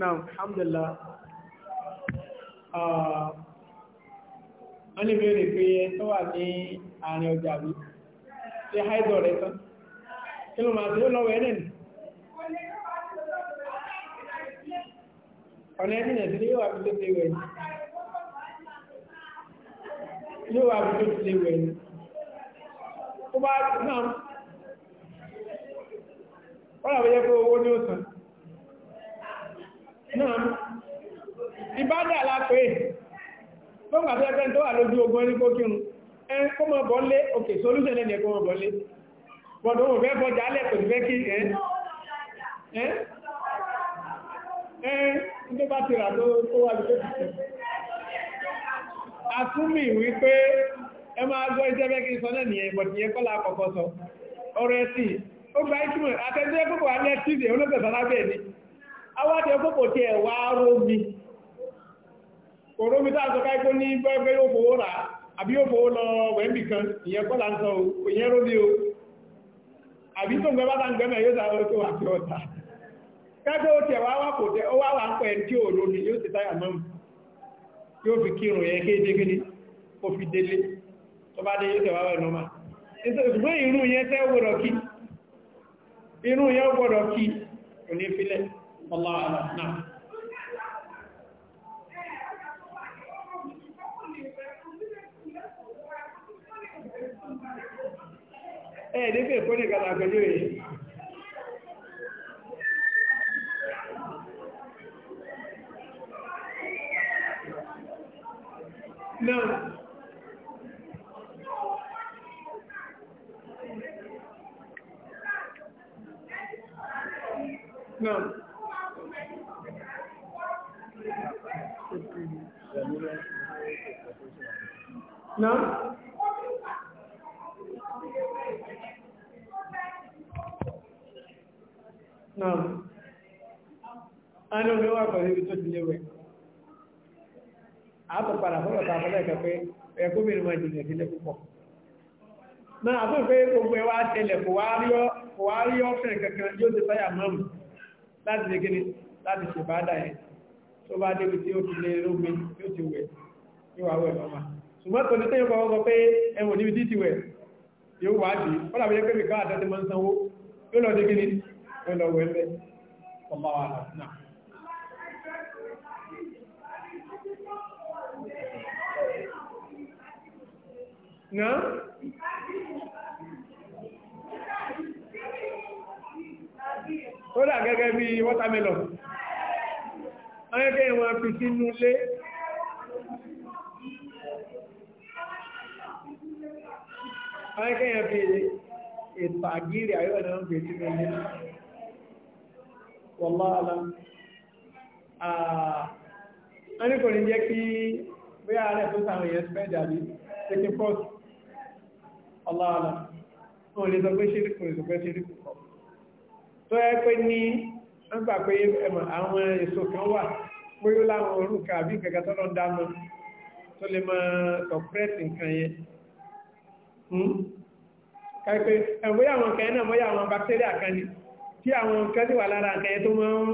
Naam, alhamdulillah. Wọ́n lè bèèrè pé tó wà ní àárín ọjà rí, ṣe haidọ̀ rẹ̀ tán. Kí ló máa tí ó lọ́wọ́ ẹ̀rẹ́ nì? Ọ̀nà ẹ̀rìn ẹ̀sìn yóò wà fún tó ti wẹ̀ ní. Yóò wà fún tó ti náà, wọ́n làbẹ́yẹ́ pé owó ní ó náà ìbádà lápé fún àtẹ́fẹ́ tó wà lójú ogun ẹni kó kírun ẹn kó mọ̀ bọ́ lé òkè solúṣẹ́ lẹ́nìyàn kó mọ̀ bọ́ lé bọ̀dọ̀ òun fẹ́ bọ́jà alẹ́ pẹ̀lú fẹ́ kí ẹ́ ẹ́ tó bá ti rà tó wà lójú òkè asúmì wípé ẹ máa gbọ́ iṣẹ́ fẹ́ kí sọ náà nìyẹn bọ̀dìyẹn kọ́lá àkọ́kọ́ sọ ọ̀rọ̀ ẹ̀sìn ó gba ìtumọ̀ àtẹ́jẹ́ púpọ̀ alẹ́ tíìdì olóògbé sọ́lábẹ́ẹ̀ ni awáde ọgbọ́pọ̀ tí ẹ̀ wá rómi kò rómi tá àṣọ káíkó ní gbẹ́gbẹ́ yóò fowó rà àbí yóò fowó lọ kan ìyẹn ń sọ rómi o àbí tó ń gbẹ́ bá tá ń gbẹ́mẹ̀ yóò sáré wá kò ó wá wà ń tí ò rómi yóò ti táyà yóò fi kírun yẹn kó fi délé tó bá dé yóò wá nọ́mà yẹn الله أعلم نعم ẹ̀ ní fẹ́ fún ìgbàlá pẹ̀lú rẹ̀ náà náà No. No. A ní omi wà pẹ̀lú ibi tó ti lé wẹ̀. A tó padà fún ọ̀tà àfẹ́lẹ́ ìkẹ́ pé ẹ̀kọ́ mi ni wọ́n jìnà sílé púpọ̀. Náà àtún pé gbogbo ẹwà tẹ́lẹ̀ kò wá rí ọ́fẹ́ kankan yóò ti fáyà mọ́mù láti lè gẹ́ni láti ṣèbádà yẹn tó bá débi tí ó ti lè rómi yóò ti wẹ̀ yóò wá wẹ̀ lọ́mà ṣùgbọ́n tó ní tẹ́yìn kọ́ sọ pé ẹwọ̀n níbi tí ti wẹ̀ yóò wá dì ó làbí pé nìkan àtẹ́tẹ́ máa ń sanwó yóò lọ débi ní yóò lọ ó dà gẹ́gẹ́ bí watermelon ọ̀yẹ́kẹ́ ìwọ̀n fi sínú fi ètò àgírí àyọ̀ náà ń fi sínú ilé wọ́lọ́ọ̀lá a ní kò ní jẹ́ kí bí a tó sàrìn nwere spẹ́ dàbí taking post ọlọ́ọ̀lá wọn lè sọ pé ṣe kò lè pé ṣe rí kò tó ẹ pé ní wọ́n gbà pé àwọn èso kan bóyó láwọn orúkà àbí kẹ̀kẹ́ tọ́lọ dámọ́ tó lè máa sọpẹ́ẹ̀tì nǹkan yẹn hmm? kàìpẹ́ ẹ̀bóyá àwọn nǹkan náà bóyá àwọn bacteria kan ni tí àwọn nǹkan tí wà lára nǹkan yẹn tó máa ń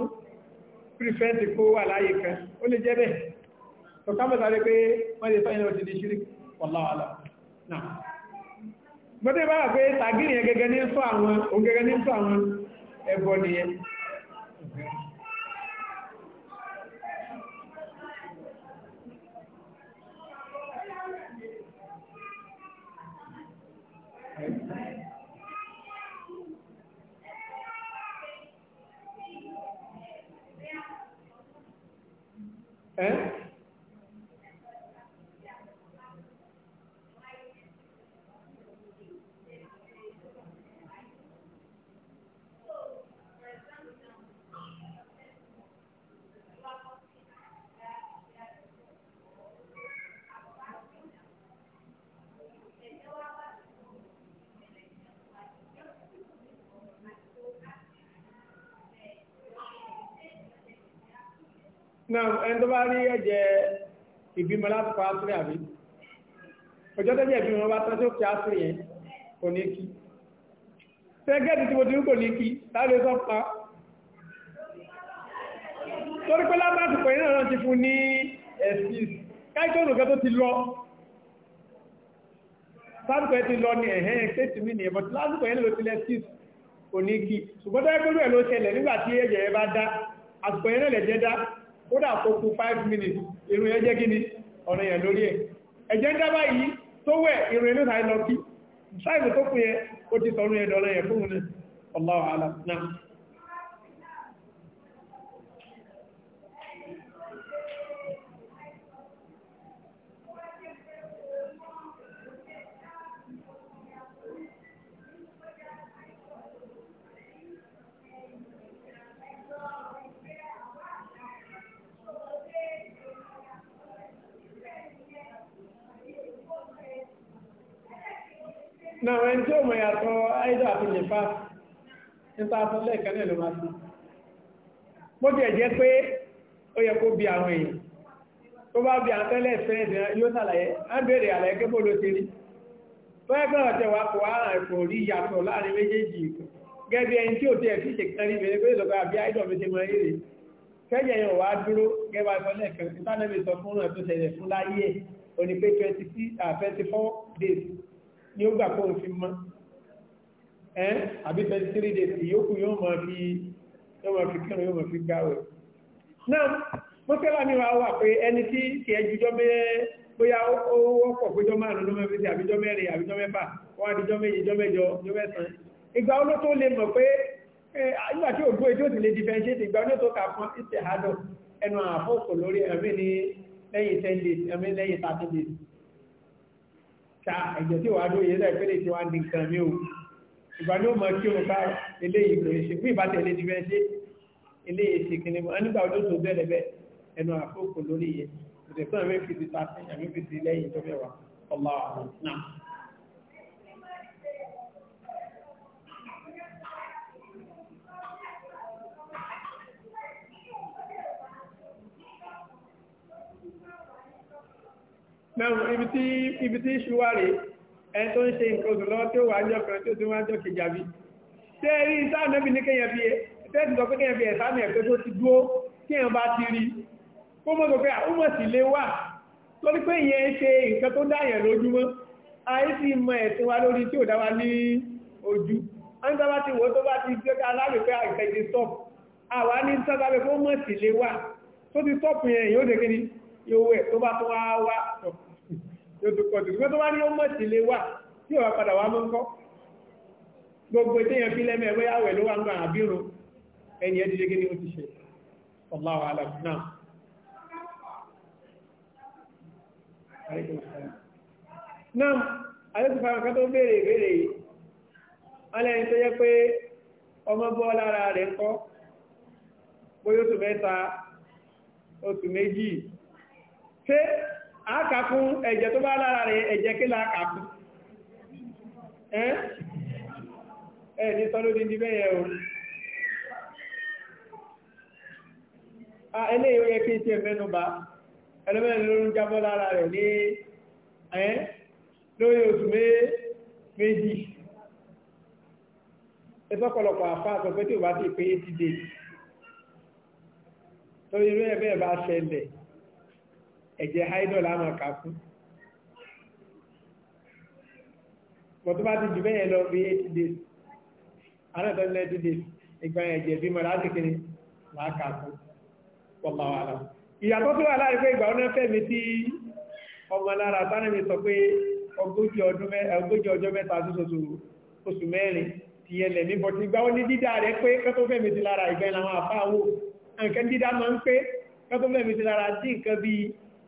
prefẹ́ntì kó wà láyé kan ó lè jẹ́ bẹ́ẹ̀ di ṣírí ọ̀láwàlá náà mọ́tẹ́ bá wà pé tàgírì yẹn gẹ́gẹ́ ní sọ àwọn Amen. náà ẹni tó bá rí ẹ̀jẹ̀ ìbímọ láti pa ásírí àbí ọjọ́ tẹ́jẹ̀ ìbímọ bá tán tó kí ásírí yẹn kò ní kí tẹ́gẹ́ẹ̀tì tí mo ti ń kò ní kí láti sọ pa torí pé lábàtì pẹ̀lú náà náà ti fún ní ẹ̀sì káìkọ́ òrùka tó ti lọ lásìkò ẹ̀ ti lọ ní ẹ̀hẹ́ ẹ̀kẹ́ tí mi nìyẹn bọ́t kódà tó kú 5 minutes irun ẹjẹ́ gíní ọ̀nà yẹn lórí ẹ̀ ẹ̀jẹ̀ ń dábà yìí tó wẹ̀ irun ẹlú ìlọ́kí sáìmù tó kú yẹ ó ti sọ̀rún ẹ̀dọ̀ ọ̀nà yẹn fún un ní ọlọ́ọ̀hálà náà na wee ndị ó ya atọ àìdá àti nìfà níta àtọ́lẹ̀ ìkẹ́lẹ̀ ló máa sí bó jẹ́ jẹ́ pé ó yẹ bịa bi àwọn èèyàn tó bá bi àtẹ́lẹ̀ ìfẹ́ẹ̀dẹ̀ yóò sàlàyé á bèèrè àlàyé kébò ló ti rí fẹ́ẹ̀kọ́ ọ̀tẹ̀ wà kò ara ẹ̀kọ́ rí yàtọ̀ láàrin ẹni tí ṣe àbí mi ti mọ yẹn wà á dúró sọ fún fún 24 ah, days ni ó gbà kó ń fi mọ́ ẹ́ àbí 33 days ìyókù yóò mọ̀ fi yóò mọ̀ fi kírun yóò mọ̀ fi gbáwẹ̀ náà mọ́sẹ́lá mi wá pé ẹni tí kì ẹ́ jùjọ́ bẹ́ẹ̀ bóyá ó wọ́pọ̀ péjọ́ márùn-ún ló mẹ́fẹ́ sí àbíjọ́ mẹ́rin àbíjọ́ mẹ́fà wọ́n àdíjọ́ méje jọ́ mẹ́jọ jọ́ mẹ́sàn ìgbà oló tó lè mọ̀ pé nígbà tí ògbó ètò ìsìnlè differentiate ìgbà oló tó kà fún ìsẹ̀ ẹnu àfọ́kò lórí ẹ̀mí ní lẹ́yìn 10 days ẹ̀mí lẹ́yìn 30 days ta ẹ̀jẹ̀ tí wà lóye ẹ̀dá ìpínlẹ̀ tí wà ní nǹkan mi ò ìgbà ní mọ̀ kí òun ká eléyìí kò fún ìbátẹ̀ ilé ti fẹ́ ṣe eléyìí nígbà ọdún tó bẹ̀rẹ̀ bẹ́ ẹnu àkókò lórí yẹ òtẹ̀sán mi fi ta sí ẹ̀mí lẹ́yìn tó fẹ́ wà ọlọ́run náà náà ibi tí ṣúwà rẹ̀ ẹni tó ń ṣe nǹkan oṣù lọ́wọ́ tí ó wà ájọ́ kan tí ó ti wájọ́ kejì tẹ́ rí sáàmẹ́bì ní kẹ́yẹ̀ fi pé ìyẹn ṣe nǹkan tó dáyẹ̀ lójúmọ́ àìsí mọ ẹ̀sìn wa lórí tí ò dá wa ní ojú ọ́nà bá ti wò tó bá ti jẹ́ alábẹ̀fẹ́ àìsẹ̀jẹ̀ stop àwa ní sábàbẹ̀ kó mọ̀ sí lé wà tó ti stop yẹn yóò dé kí ni yóò wẹ̀ tó bá tó wá wá stop lótùkọ̀tù gbogbo wá ní ó mọ̀ sí lé wà tí ó wá padà wá gbogbo ìdíyàn fi lẹ́mẹ̀ ẹ̀wẹ́ àwẹ̀ ló wà ń gbà àbírùn ẹni ẹ́ dídé gíní ó ti ṣe Allahu alam náà náà alẹ́kùnfà kan tó béèrè ìbéèrè yìí tó yẹ pé ọmọ bọ́ lára rẹ̀ ń kọ́ bóyá oṣù a kà fún ẹ̀jẹ̀ tó bá lára rẹ̀ ẹ̀jẹ̀ kí la kà fún ẹ ní sọ́lódí ní bẹ́yẹ̀ o eléyìí ó yẹ kí tí ẹ mẹ́nubà ẹlọ́mẹ́rin ló ń jábọ́ lára rẹ̀ ní ẹ́ lórí oṣù méjì ẹsọ́pọ̀lọpọ̀ àfá àtọ̀fẹ́ tí ò bá ti pé 80 days torí rẹ̀ bẹ́ẹ̀ bá ṣẹlẹ̀ ẹ̀jẹ̀ haidol á máa kà fún bọ̀ tó bá ti jù bẹ́yẹn lọ bí eight days another ninety days ìgbà ẹ̀jẹ̀ bímọ láti kiri máa kà fún pọ̀pọ̀ wà lọ. ìyàtọ̀ tó wà láàrin pé ìgbà ọ̀nà fẹ́mi tí ọmọ lára tánàmì sọ pé ogójì ọjọ́ mẹ́ta oṣù mẹ́rin ti yẹlẹ̀ ní bọ̀tí ìgbà ó ní dídá rẹ̀ pé kẹ́tọ́ fẹ́mi ti lára ìgbà ìlànà àfáwò nǹkan dídá máa ń pé kẹ́tọ́ fẹ́mi ti lára tí nǹkan bíi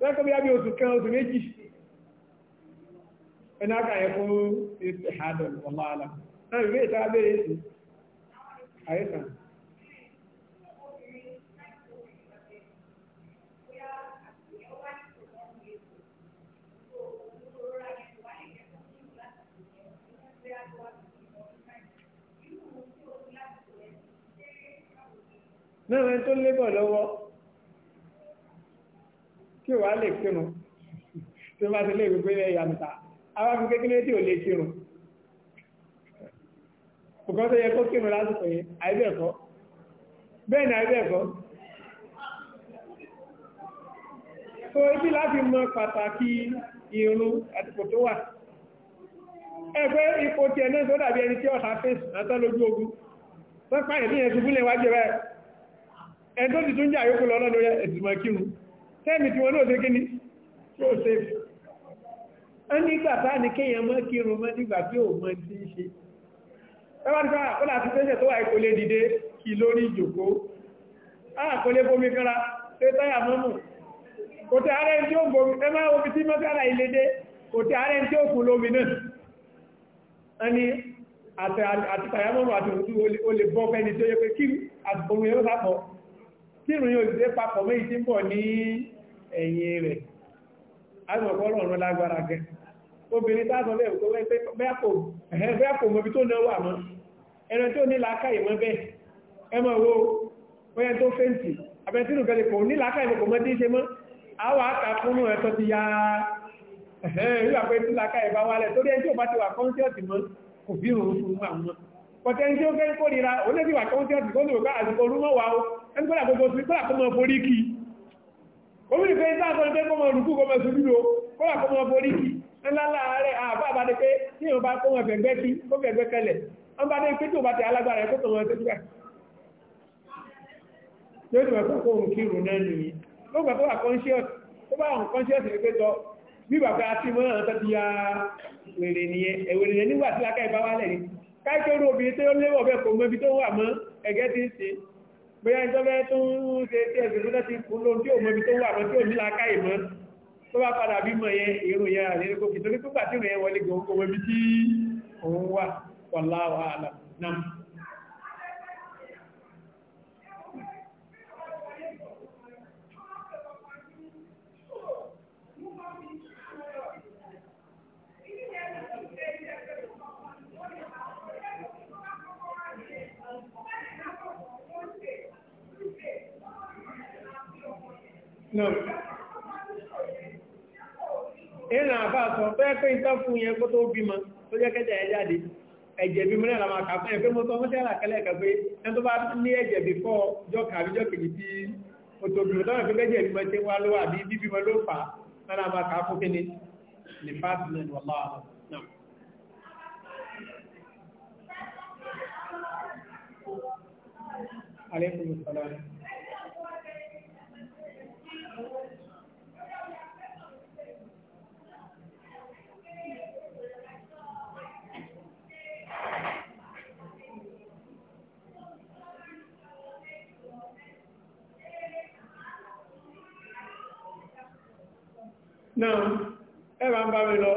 lẹ́kọ̀ọ́ bí i oṣù kan oṣù méjì ẹni àkàyẹ fún ìṣẹ̀hádọ̀ ọmọ àlà náà ìwé ìta abẹ́rẹ́ èsì àyẹ́sàn náà ẹni tó lébọ̀ lọ́wọ́ tí ò wá lè kírun tí wọ́n bá ti lé ìwé pé ẹ̀yà nìta kékeré tí ò lè kírun kòkó tó yẹ kó kírun lásìkò yẹn àìbẹ̀ẹ̀kọ́ bẹ́ẹ̀ ni ibi láti mọ pàtàkì irun àtìkò tó wà ẹgbẹ́ ipò tó dàbí ẹni tí ọ̀tá fèsì látọ́ lójú ogun wọ́n pààyàn tẹ́mì tí wọ́n náà ṣe kíní tí ó ṣe ẹ nígbà tá ní kéèyàn mọ́ kírun mọ́ nígbà tí ò mọ́ tí ń ṣe tẹ́wàá ó láti tẹ́ṣẹ̀ tó bomi kanra tẹ́ táyà mọ́mù kò tẹ́ ààrẹ tí ó bomi ẹ máa omi tí mọ́sára ilé dé kò tẹ́ ààrẹ tí ó kù lómi náà ẹni àti táyà mọ́mù àti òtú lè bọ́ fẹ́ni tó yẹ pé kí ẹ̀yìn rẹ̀ azọ̀kọ́rọ̀ ọ̀rọ̀ lágbára gẹ obìnrin tásọ bẹ́ẹ̀ tó wẹ́ pé bẹ́ẹ̀ kò mọ̀bí tó náwà mọ́ ẹran tó ní làákàyè mọ́ bẹ́ẹ̀ ẹmọ owó oyen tó fẹ́ǹtì abẹ́tínú kẹlẹ̀ kò ní làákàyè kò mọ́ tí ṣe mọ́ àwọ̀ àkà fún ẹ̀tọ́ ti ya ìwà pé tí làákàyè bá wálẹ̀ torí ẹni tí ó bá ti wà kọ́ńtíọ̀tì mọ́ kò bí òun fún àwọn pọ̀tẹ́ni tí ó fẹ́ kórira òun lè ti wà kọ́ńtíọ̀tì kó ní òkú àti orúmọ̀ wa ó ẹni kó gómìnì pé ní àtọ́lù pé kọ́mọ olùkú kọ́mọ sojúdo kọ́lá kọ́mọ borí kí ńláńlá rẹ̀ àbá àbádé pé tí èèyàn bá kọ́mọ ẹ̀fẹ̀gbẹ́ kí ó fẹ̀gbẹ́ kẹlẹ̀ wọ́n bá dé pé tí ò bá tẹ alágbára ẹ̀kọ́ tọ̀wọ́ ẹ̀kọ́ síbẹ̀ yóò ti mọ̀ kó òun kírun náà nìyí ó gbà tó wà conscious tó bá àwọn conscious rẹ̀ pé tọ́ bí bàbá àti mọ́ náà tọ́ ti ya wèrè nìyẹn ẹ̀wèrè nìyẹn nígbà tí lákàá ìbá wálẹ̀ ni káìkérú obìnrin tó léwọ̀ bẹ́ẹ̀ kò mọ ibi tó wà mọ́ ẹ̀gẹ́ ti ń bóyá ìjọba tó ń ṣe tí ẹ̀sìn fún láti kú lóun tí ò mọ́bí tó wà mọ́ tí ò ní láká ìmọ́ tó bá padà bí mọ̀ yẹn èrò yẹn àrẹ́rẹ́kò kìtọ́lé tó gbà tí ìrìn wọlé gbogbo mọ́bí tí òun wà pọ̀láwà àlà ìrìnà àbá sọ tó yẹ pé ìtọ́ fún yẹn kó tó bímọ tó jẹ́ kẹ́jẹ̀ ẹ jáde ẹ̀jẹ̀ bí mẹ́rin àmà kà fún ẹ̀ pé mo sọ mọ́sí àlàkẹ́lẹ̀ ẹ̀kẹ́ pé ẹni tó bá ní ẹ̀jẹ̀ bí fọ́ jọ kàbí jọ kìí tí ó tó bímọ tó rẹ̀ náà ẹ̀rọ ń bá mi lọ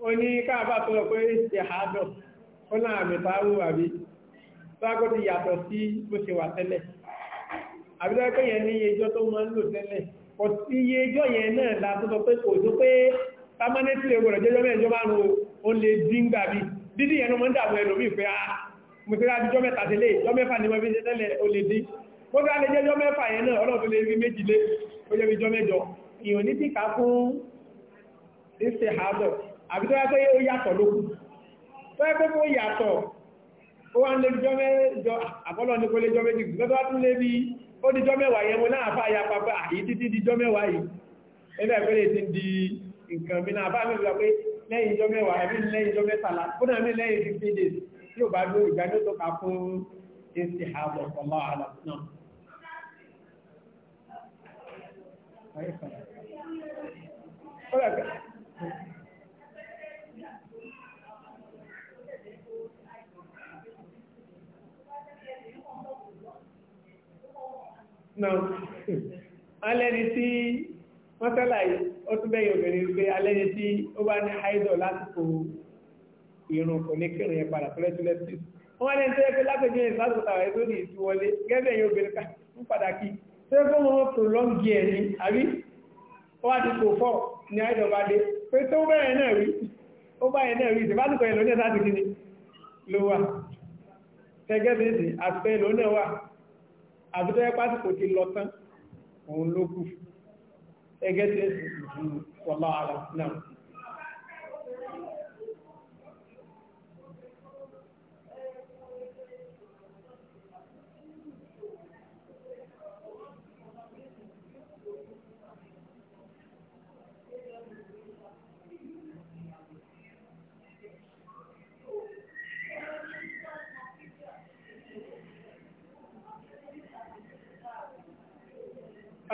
ó ní káàbà tó lọ pé ṣe àádọ́ ó náà àmì táwù àbí tágbó ti yàtọ̀ sí bó ṣe wà tẹ́lẹ̀ àbí tó pé yẹn ní ẹjọ́ tó máa ń lò tẹ́lẹ̀ kò sí iye ẹjọ́ yẹn náà la tó sọ pé kò tó pé pámánẹ́tì lè gbọ́dọ̀ jẹ́jọ́ mẹ́jọ márùn-ún ó lè dín gbà bí dídí yẹn ló máa ń dàbò ẹlòmíì pé ah mo ti rájú jọ́ mẹ́ta tẹ́lẹ̀ jọ́ mẹ́fà ni mo fi ṣe tẹ́lẹ̀ ó lè dín bó bá lè jẹ́jọ́ mẹ́fà yẹn náà ọlọ́run lè rí méjì lé ó jẹ́ bí jọ́ mẹ́jọ ìyàn ní píkà fún ìṣe àádọ́ àbí tó yá pé ó yàtọ̀ lókù tó yá pé ó yàtọ̀ ó wá ń lé jọ mẹ́jọ àbọ́lọ̀ ní kó lé jọ méjì lọ́tọ́ wá tún lé bí ó di jọ mẹ́wàá yẹn mo náà fà ya papá àyí títí di jọ mẹ́wàá yìí nígbà ìpínlẹ̀ ti di nǹkan mi náà bá mi gbà pé lẹ́yìn jọ mẹ́wàá ẹ̀mí lẹ́yìn jọ mẹ́tàlá fún alẹ́ni tí wọ́n sẹ́láì ó tún bẹ́yìn obìnrin pé alẹ́ni tí ó bá ní haidọ̀ lásìkò ìrùn kò ní kírùn yẹn padà tọ́lẹ́tọ́lẹ́tì wọ́n wá ní ẹni tó yẹ pé lápẹjọ́ ìsásùtà ẹ̀ tó ní ìtúwọlé gẹ́gẹ́ yóò bẹ̀rẹ̀ ká ń padà kí pé kó wọn prolongi ẹ̀ ni àbí ó wá ti kò fọ́ ní àìdọ̀bá dé pé tó bẹ̀rẹ̀ náà rí ó bá yẹn náà rí ìdìbásùkọ ẹ̀ lónìí láti kí ni ló wà gẹ́gẹ́ bí èsì àtúntò ẹ̀ lónìí wà àtúntò ẹ̀ pásìkò ti lọ tán òun ló kù gẹ́gẹ́ bí èsì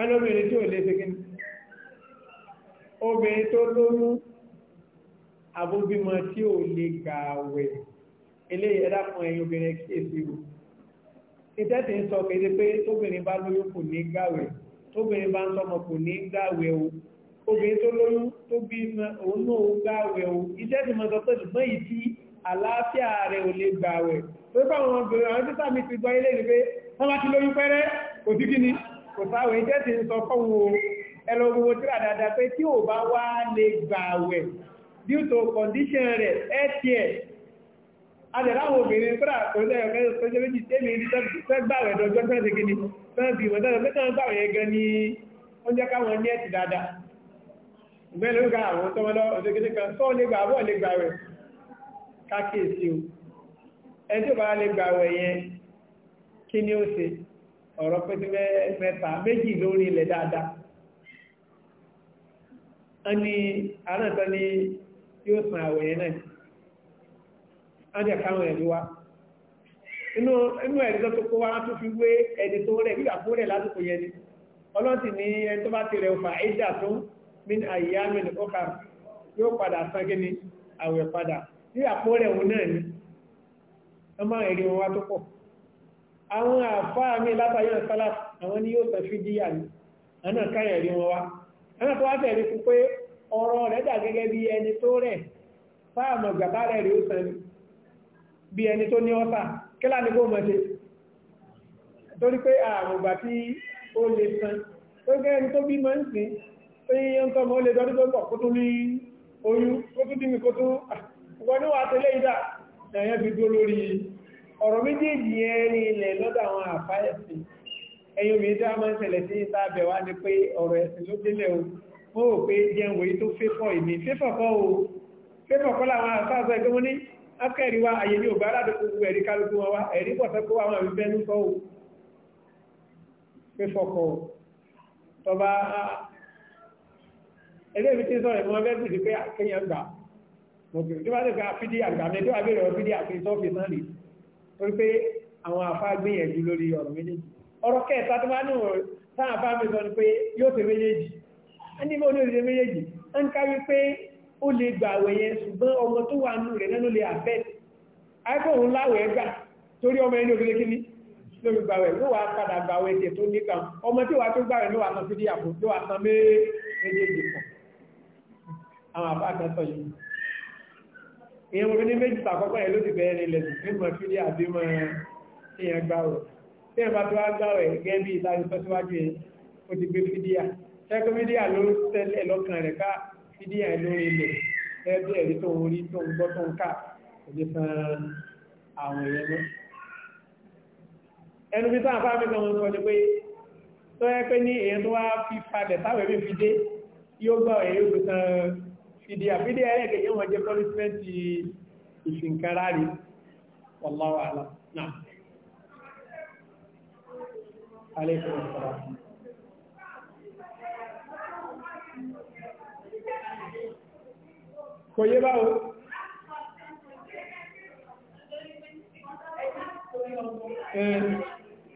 ẹlóbìnrin tí ò lè ṣe kíni obìnrin tó lóyún abóbímọ tí ò lè gààwẹ̀ eléyìí ẹ̀dá fún ẹ̀yin obìnrin kíyèsí o ìtẹ́tì ń sọ kéde pé tóbìnrin bá lóyún kò ní gààwẹ̀ tóbìnrin bá ń sọmọ kò ní gààwẹ̀ o obìnrin tó lóyún tó bí òun náà gààwẹ̀ o ìtẹ́tì mọ̀ sọ pé ṣùgbọ́n yìí tí àlàáfíà rẹ̀ ò lè gààwẹ̀ pé báwọn obìnrin àwọn títà mi ti gbọ́ ilé ìrìn wọ́n bá ti lóyún pẹ́rẹ́ kò sí kí ni kò sáwẹ̀ jẹ́ ti sọ fún wo ẹlọ́gbogbo tíra dáadáa pé tí ò bá wá lè gbààwẹ̀ due to condition rẹ̀ ẹ́tìẹ̀ adẹ̀láwọn obìnrin kúrà tó lẹ́yọ̀kẹ́ tó jẹ́ méjì tẹ́mi rí fẹ́ gbààwẹ̀ dọjọ́ ni ó jẹ́ káwọn ní ẹ̀tì dáadáa ìgbẹ́ lórí àwọn tọmọdọ́ òṣèkéde kan sọ lè gbà bọ́ lè gbààwẹ̀ kákèsí o ẹni tí ọ̀rọ̀ pẹ́tẹ́pẹ́ mẹ́ta méjì lórí ilẹ̀ dáadáa ẹni arántọ́ ni yóò san àwẹ̀yẹ náà ádẹ́ káwọn inú ẹ̀rí tó kó wá tó fi wé ẹni tó rẹ̀ bí àpó rẹ̀ lásìkò yẹn ọlọ́tì ẹni tó bá ti rẹ̀ tó àyíyá ni àwẹ̀ padà bí àpó àwọn àfáà mi látàyàn sálà àwọn ni yóò tẹ̀fí díyà ní ọ̀nà káyẹ̀ rí wọn wá ọ̀nà tó wá tẹ̀lé fún pé ọ̀rọ̀ rẹ̀ dà gẹ́gẹ́ bí ẹni tó rẹ̀ fáàmù gbàbá rẹ̀ rí ó sàn bí ẹni tó ní ọ́sà kílá ní kó mọ̀ ṣe torí pé àmùgbà tí ó lè san tó gẹ́ ẹni tó bí mọ́ ń sìn tó yí yẹn tọ́mọ́ ó lè dọ́dún tó pọ̀ kó tún ní oyún kó tún ọ̀rọ̀ méjèèjì ẹ̀rin ilẹ̀ lọ́dọ̀ àwọn àfá ẹ̀sìn ẹ̀yìn omi tí a máa ń ṣẹlẹ̀ sí ìta àbẹ̀wá ni pé ọ̀rọ̀ ẹ̀sìn ló délẹ̀ o mo rò pé jẹun wòye tó fẹ́fọ́ ìmì fẹ́fọ̀kọ́ o fẹ́fọ̀kọ́ làwọn àfá sọ ẹgbẹ́ wọn ní akẹ́rì wa àyè ní òbá aládùúgbò ẹ̀rí kálukú wọn wá ẹ̀rí pọ̀ sẹ́kọ́ o fẹ́fọ̀kọ́ o tọba ẹgbẹ́ mi ti sọ ẹ̀mọ́ ẹgbẹ́ bìí pé kéèyàn gbà mo kì í tí wọ́n ti gba fídí àgbà mi tó wà bẹ̀rẹ̀ fídí àfihàn sọ́ọ̀fì náà nìyí torí pé àwọn afá gbìyànjú lórí ọ̀rọ̀ méjèèjì ọ̀rọ̀ kẹta tó máa nùwọ̀ táwọn afá mi sọ ni pé yóò ṣe méjèèjì a ní bóun ní òṣèré méjèèjì a ń kárí pé ó lè gbà àwẹ̀ yẹn ṣùgbọ́n ọmọ tó wà nù rẹ̀ lẹ́nu lè àfẹ́ àìkóhun láwẹ̀ gbà torí ọmọ ẹni òṣèré kíní lórí gbàwẹ̀ ló wà padà gbàwẹ̀ tẹ̀ tó níkà ọmọ tí wà tó gbàwẹ̀ ló wà àwọn afá kan yìí ìyẹn mo fi ní méjì tàkọ́kọ́ ẹ̀ ló ti bẹ̀rẹ̀ ilẹ̀ nígbà fídí àbímọ̀ ìyẹn gbáwẹ̀ tí ẹ̀ bá tó wá gbáwẹ̀ gẹ́gẹ́ bí ìlànà tó síwájú yẹn ó ti gbé fídíà ṣẹ́kọ́ fídíà ló tẹ́lẹ̀ lọ́kàn rẹ̀ ká fídíà lórí ilẹ̀ ẹgbẹ́ ẹ̀rí tó ń rí tó ń gbọ́ tó ń ká òjò san àwọn èèyàn mọ́ ẹnu bí sáà fáwọn mẹ́ta wọn sọ ni pé tó yẹ pé ní èèyàn tó wá fi padẹ̀ táwọn ẹ̀mí fi dé yóò gbọ́ ẹ̀ yóò fìdí àfídí ẹlẹ́gẹ̀ yóò wọ́n jẹ́ pọ́lísímẹ́ntì ìsìnkára rí wallahu a'lam náà alaikum assalam kò yé báwo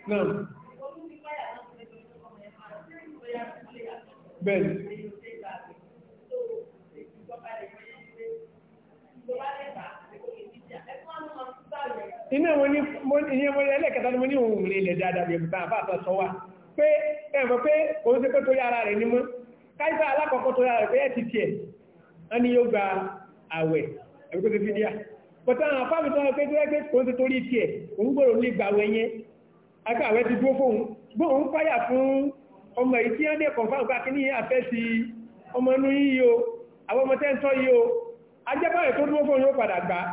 náà bẹ́ẹ̀ iná ẹlẹ́kẹta ni mo ní ohun ilẹ̀ dáadáa bẹ̀rẹ̀ bá àfáà sọ wà pé ẹ̀mọ̀ pé òun sí pé torí ara rẹ̀ ní mọ́ káìsà alákọ̀ọ́kọ́ torí ara rẹ̀ pé ẹ̀ ti tiẹ̀ a ni yóò gba àwẹ̀ ẹ̀kọ́ ti fi díà pọ̀tà àwọn afáàmì tó ń pé tó ẹgbẹ́ òun ti torí tiẹ̀ òun gbòòrò ní ìgbà àwẹ̀ yẹn aká àwẹ̀ ti dúró fóun gbóhùn fáyà fún ọmọ èyí tí wọ́n dẹ̀ kọ̀ǹfà òkú akíní àfẹ́ sí ọmọ inú yíyó àwọn ọmọ tẹ́ ń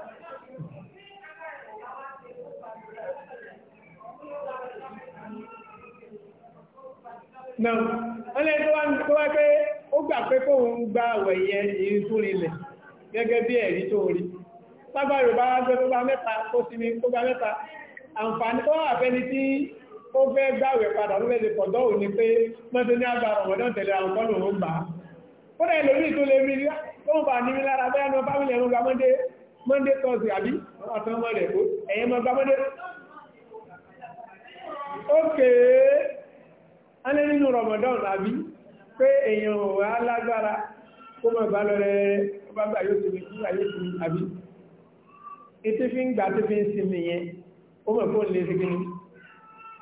náà wọ́n lè tó wá ní tó wá pé ó gbà pé kóun gba àwẹ̀ yẹn èyí tó rinlẹ̀ gẹ́gẹ́ bí ẹ̀rí tó rí sábà yorùbá gbé tó gba mẹ́ta kó sinmi tó gba mẹ́ta àǹfààní tó wà fẹ́ni tí ó fẹ́ gbàwẹ̀ padà ló lẹ́sẹ̀ pọ̀ dọ́wò ni pé mọ́tò ní agbára ọ̀mọ̀dán tẹ̀lé àwọn kọ́nù ó gbà á ó rẹ̀ lórí tó lè rí tó ń bà ní mi lára ní ọba alẹ́ nínú Ramadan àbí pé èèyàn wà lágbára kó mọ̀ bá lọ rẹ̀rẹ̀ ó bá gbà yóò ti mi gbà yóò ti mi àbí ètí fi ń gbà tó fi ń sin nìyẹn ó mọ̀ fóun lè ṣe kíni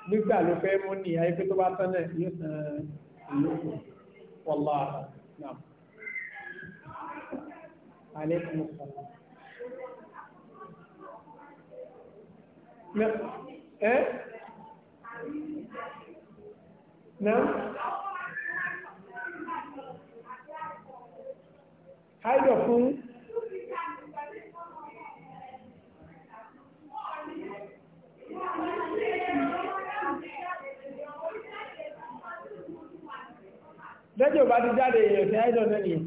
nígbà ló fẹ́ mú ní ayé pé tó bá tán náà yóò san ìlú wọlá náà alẹ́ fún ọ̀sán náà háìdọ̀ fún lẹ́jọ́ bá ti jáde èèyàn sí háìdọ̀ náà nìyàn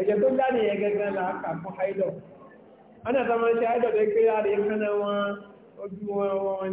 ẹ̀jẹ̀ tó jáde yẹn gẹ́gẹ́ làákà fún háìdọ̀ a tó máa ń ṣe háìdọ̀ tó kéré àríyàn kan náà ojú wọn wọ́n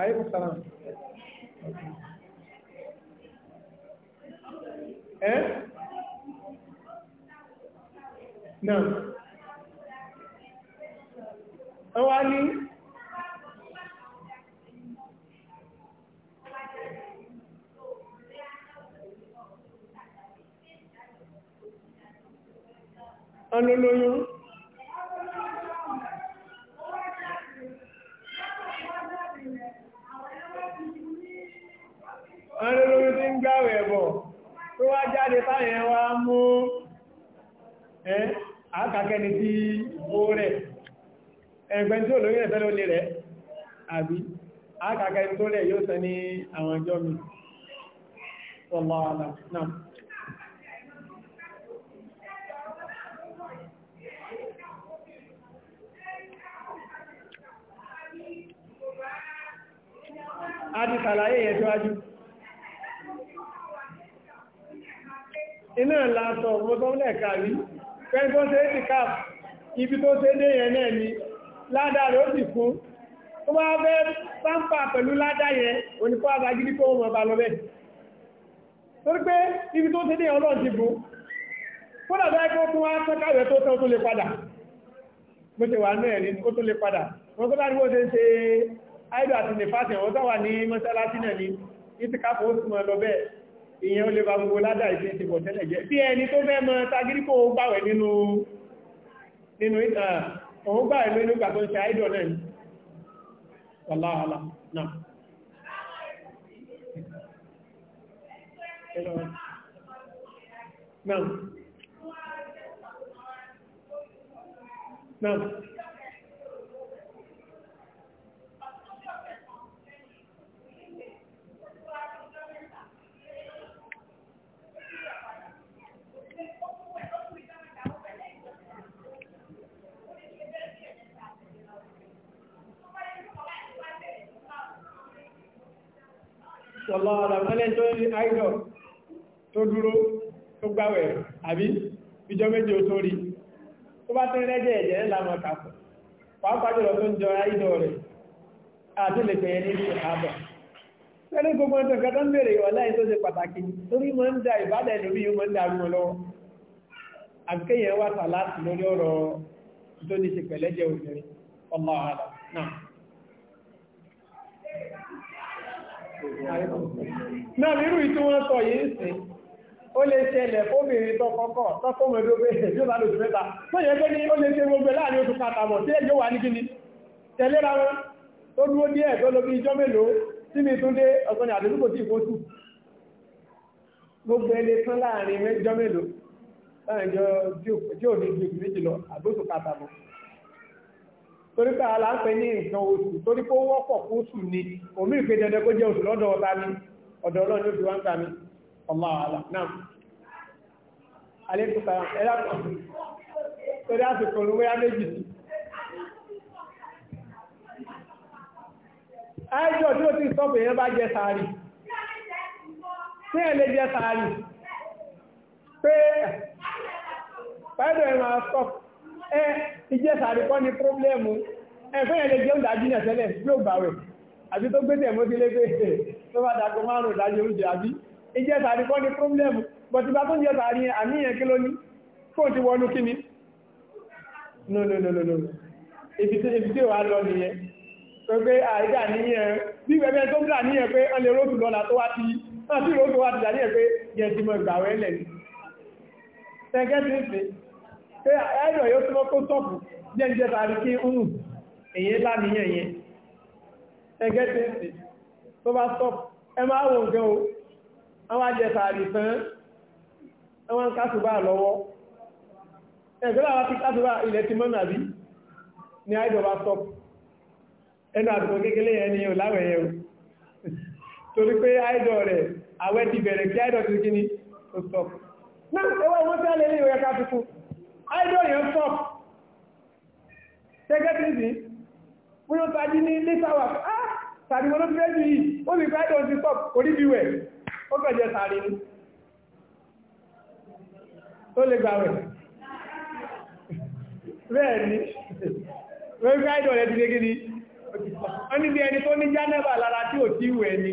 aleykum salaam eh? ẹ́ o wọ́n wá no no wá jáde táyẹ̀ wá mú ẹ́ àákàkẹ́ni tí ó rẹ̀ ẹgbẹ́n tí olóyìn ẹ̀fẹ́ ló lè rẹ̀ àbí àákàkẹ́ni tó rẹ̀ yóò sẹ ní àwọn ọjọ́ mi wallahu a'lam náà a ti iná látọ̀ mọ́tọ́lẹ̀ kàrí pẹ́ntọ́ tẹ́ ti ká ibi tó tẹ́ dé yẹn náà ni ládá rẹ̀ ó sì fún tó bá bẹ́ sáńpà pẹ̀lú ládá yẹn onípọ̀ àbágídí tó mọ̀ bá lọ́bẹ̀ torí pé ibi tó tẹ́ dé ọlọ́ ti bú kódà bá kó fún wa tán káwẹ̀ tó tán tó lè padà bó ṣe wà náà ní ó tó lè padà wọn tó bá ní bó ṣe ṣe áìdù àti nìfàṣẹ̀ wọn tó wà ní mọ́ṣáláṣí náà ní ìtìkáfọ́ ó sì ìyẹn ó lè bá gbogbo ládà ìfẹ́ ti bọ̀ tẹ́lẹ̀ jẹ́ bí ẹni tó fẹ́ mọ́ tagiri kó gbàwẹ̀ nínú nínú ìtàn òun gbàwẹ̀ now. sọ̀lọ́ ọ̀rọ̀mọ́lẹ́ tó ní àìdọ̀ tó dúró tó gbáwẹ̀ àbí ìjọ méje ó tó rí tó bá tún rẹ́jẹ̀ ẹ̀jẹ̀ lámọ̀ kàpọ̀ pàápàá jùlọ tó ń jọ àìdọ̀ rẹ̀ àti lè pẹ̀yẹ ní ààbọ̀ pẹ̀lú gbogbo ọ̀tọ̀ kẹta ń bèèrè ọ̀láì tó ṣe pàtàkì torí mọ́ ń da ìbádẹ̀ lórí yóò mọ́ ń darú lọ́wọ́ àbíkẹ́yẹn wà sàlátì lórí ọ̀rọ̀ tó ní ṣe pẹ̀lẹ́jẹ̀ náà nírú ìtú wọ́n sọ yìí sí ó lè ṣẹlẹ̀ fóbìnrin tó kọ́kọ́ tọ́kọ́mọdé obìnrin tí ó bá lòdì mẹ́ta tó yẹ pé ní ó lè ṣe gbogbo láàrin oṣù kàtàmọ̀ tí ẹjọ́ wà ní gíní tẹ̀léra wọn tó dúró díẹ̀ tó lóbi ijọ́ mélòó tí mi tún dé ọ̀gbọ́n àdúgbò tí ìfóṣù gbogbo ẹlẹ́ tán láàrin ijọ́ mélòó láàrin ijọ́ tí ò ní ju méjì lọ àgbóṣù kàtàmọ̀ torí pé àlà ń pè ní nǹkan oṣù torí pé ó wọ́pọ̀ kó oṣù ni omi ìpè dandan kó jẹ́ oṣù lọ́dọ̀ ọ̀tá mi ọ̀dọ̀ ọlọ́run ló fi wá ń ta mi ọláàlá náà alẹ́kùnkà ẹ̀dá kan Eh, ẹ ìjẹsàrí kọ́ ni pọ́blẹ́mù eh, ẹ̀fẹ́ yẹn lè jẹun dájú ní ẹ̀sẹ̀lẹ̀ yóò gbà rẹ̀ àti tó gbé tẹ̀mọ́ sí lẹ́gbẹ̀ẹ́ tó bá dàgbọ́ márùn-ún dájú oúnjẹ àbí ìjẹsàrí kọ́ ni pọ́blẹ́mù bọ̀ ti bá tó ń jẹsàrí àníyàn kí ló ní fóòn ti wọnú kí ni no no no no no ibi tí wà lọ nìyẹn tó gbé àìdá níyẹn bí bẹ̀bẹ̀ tó ń dà níyẹn pé ọ lè rótù lọ́la tó wá ti náà sí rótù wá ti dà níyẹn pé yẹn ti mọ ìgbà wẹ́lẹ̀ ni tẹ́gẹ́ tí ń pé ẹ̀rọ yóò tí lọ́kọ́ tọ́pù jẹ́ ń jẹta rí kí ń èyí láníyàn yẹn ẹgẹ́ tí ń sì tó bá tọ́pù ẹ máa wọ nǹkan o àwọn ajẹta rí tán àwọn ń kásùbà lọ́wọ́ ẹgbẹ́ láwọn ti kásùbà ilẹ̀ ti mọ́nà bí ní ẹ̀rọ bá tọ́pù ẹnu àtùkò kékeré yẹn ni láwẹ̀ yẹn o torí pé àìdọ̀ rẹ̀ àwẹ́ ti bẹ̀rẹ̀ kí àìdọ̀ ti kí ni ó tọ́pù náà ẹwà wọ́n tẹ́lẹ̀ ní ìwé ẹ̀ka idol yẹn stop gẹ́gẹ́ bí nìyí wọ́n yóò tají ní lẹ́sàwà ah tàbí wọn ló fi rẹ́jù yìí ó sì fẹ́ idol ti stop kò rí bí wẹ̀ ó kẹ̀jẹ̀ sàárè ni tó lè gbà wẹ̀ bẹ́ẹ̀ ni wọ́n fi idol rẹ̀ ti dé gidi wọ́n ní bí ẹni tó ní jánẹ́bà lára tí ò tí wẹ̀ ni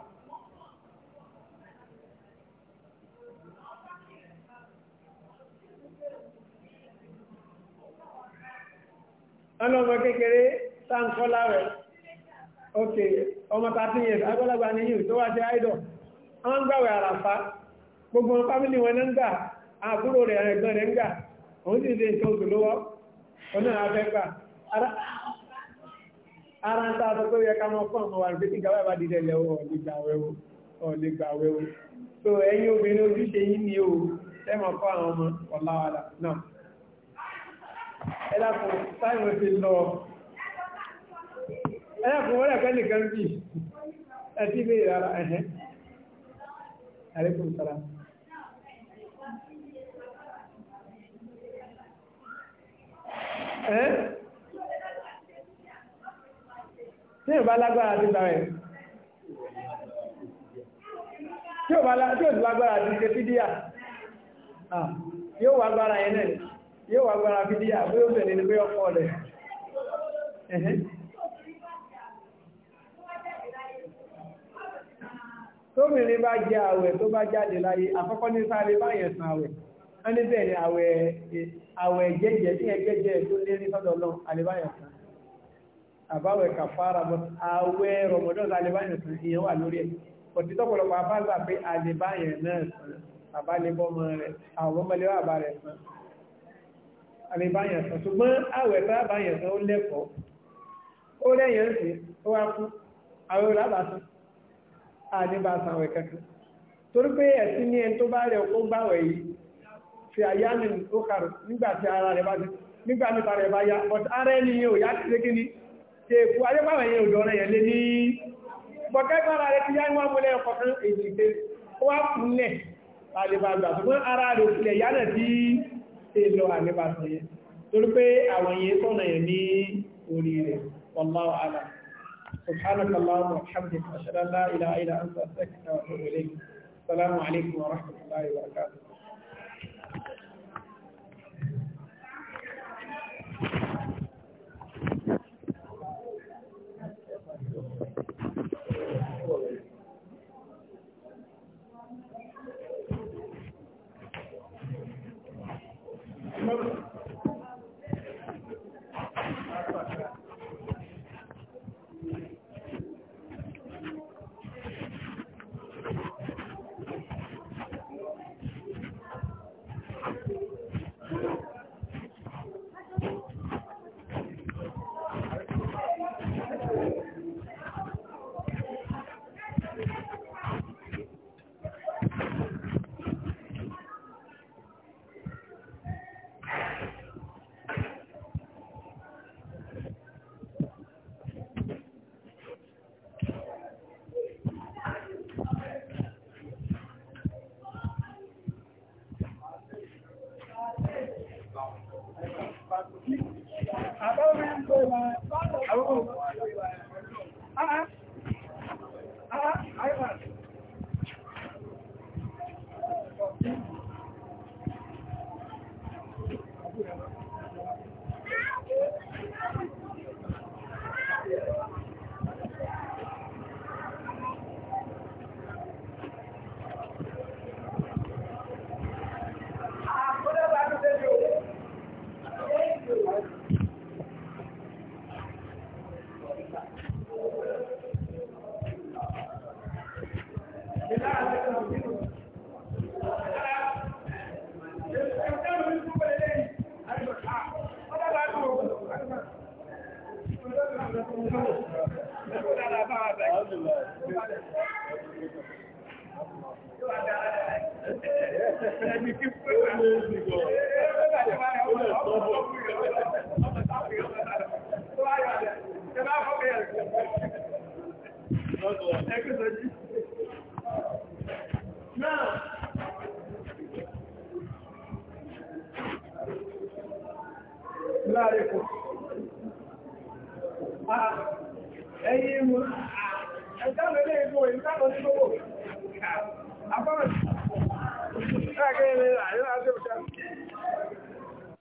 ọlọ́mọ kékeré sáńkọ́lá rẹ̀ ok ọmọ tàbí yẹn agbọ́lagbà ní yìí tó wá jẹ́ idol wọ́n ń gbàwẹ̀ àràfá gbogbo wọn fámílì wọn ń gbà àbúrò rẹ̀ ẹ̀gbọ́n rẹ̀ ń gbà òun sì ṣe oṣù lọ́wọ́ ara ń tàbí pé yẹ ká mọ́ fún ọmọ wa rẹ̀ tí so ẹlẹ́kùn táìmù ti lọ ẹlẹ́kùn wọ́n lẹ́kẹ́ nìkan bí ẹtí bí rárá ẹ̀hẹ́ alaikum salam ẹ́ tí ò bá lágbára ti gbà rẹ̀ tí ò bá lágbára ti ṣe fídíà yóò wá gbára yẹn náà yóò wà gbára fi díyà bí ó bẹ̀rẹ̀ ní pé ọkọ̀ rẹ̀ tóbìnrin bá jẹ àwẹ̀ tó bá jáde láyé àkọ́kọ́ ní sáré báyẹ̀ san àwẹ̀ wọ́n ní bẹ̀rẹ̀ àwẹ̀ jẹ́jẹ́ tí ẹgbẹ́jẹ́ tó lé ní sọ́dọ̀ lọ àlébáyẹ̀ san àbáwẹ̀ kàfàrà bọ́ àwẹ̀ rọmọdọ́sà àlébáyẹ̀ san ìyẹn wà lórí ẹ̀ pọ̀tí tọ́pọ̀lọpọ̀ abágbà pé àlébáyẹ̀ náà san àbálẹ́bọ́mọ rẹ̀ àwọn ọmọlẹ́wà bá rẹ̀ san àlebáyànsán ṣùgbọ́n àwẹ̀ bá báyànsán ó lẹ́kọ̀ọ́ ó lẹ́yìn ń sìn ó wá fún àwọn olábàásán àníbàásán àwẹ̀ kankan torí pé ẹ̀sìn ní ẹni tó bá rẹ̀ ó gbàwẹ̀ yìí fi àyá mi ó kàrò nígbà tí ara rẹ̀ bá ti nígbà nípa rẹ̀ bá yá but ara ẹni yẹn yá ti lékí ni ṣe èkú adébáwẹ̀ yẹn ò dọ̀rọ̀ yẹn lé ní bọ̀kẹ́gbára rẹ̀ ti yá ní wọ́n mú lẹ́yìn kọ̀ọ̀kan èjì pé ó wá kúnlẹ̀ àlebàgbà ṣùgbọ́n ara rẹ̀ ò tilẹ̀ yá náà tí lọ àgbébà sọ yẹ torí pé àwọn yẹ sọ́nà yẹ ní orí rẹ̀ wallahu a'lam subhanaka allahumma wa bihamdika ashhadu an la ilaha illa anta astaghfiruka wa atubu ilayk assalamu alaikum wa rahmatullahi wa barakatuh